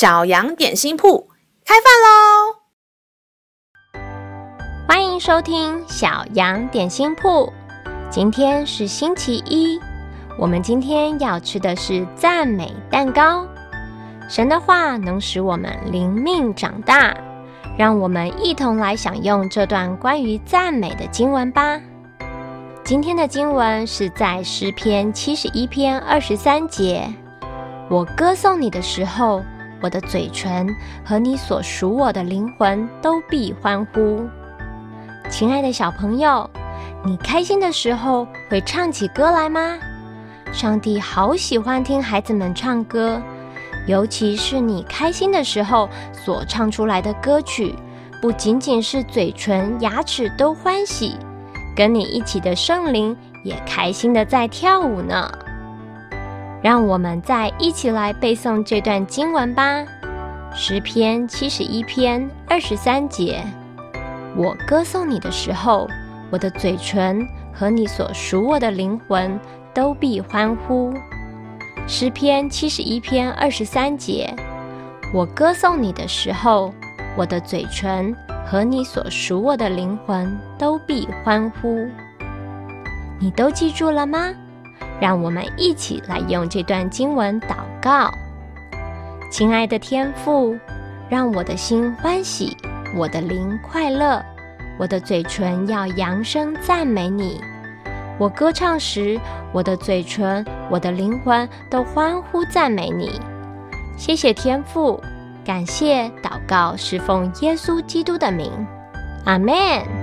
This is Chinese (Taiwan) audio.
小羊點心鋪開飯嘍！歡迎收聽小羊點心鋪。今天是星期一，我們今天要吃的是讚美蛋糕。神的話能使我們靈命長大，讓我們一同來享用這段關於讚美的經文吧。今天的經文是在詩篇七十一篇二十三節：“我歌頌你的時候，”我的嘴唇和你所贖我的靈魂都必歡呼。親愛的小朋友，你開心的時候會唱起歌來嗎？上帝好喜歡聽孩子們唱歌，尤其是你開心的時候所唱出來的歌曲，不僅僅是嘴唇、牙齒都歡喜，跟你一起的聖靈也開心的在跳舞呢。讓我們再一起來背誦這段經文吧，《詩篇七十一篇二十三節》：我歌頌你的時候，我的嘴唇和你所贖我的靈魂都必歡呼。《詩篇七十一篇二十三節》：我歌頌你的時候，我的嘴唇和你所贖我的靈魂都必歡呼。你都記住了嗎？讓我們一起來用這段經文禱告，親愛的天父，讓我的心歡喜，我的靈快樂，我的嘴唇要揚聲讚美你。我歌唱時，我的嘴唇、我的靈魂都歡呼讚美你。謝謝天父，感謝禱告是奉耶穌基督的名，阿門。